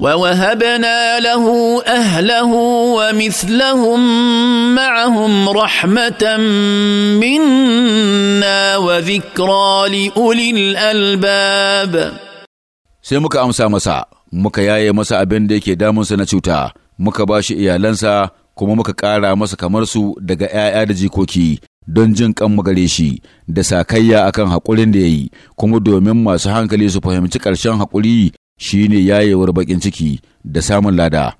ووهبنا له اهله ومثلهم معهم رحمه منا وذكرى لاولي الالباب sai muka amsa masa muka yaye masa abin da yake damunsa na cuta muka ba shi iyalansa kuma muka ƙara masa kamar su daga ‘ya'ya da jikoki don jin kan gare shi da sakayya akan haƙurin da ya yi kuma domin masu hankali su fahimci ƙarshen haƙuri shi ne yayewar baƙin ciki da samun lada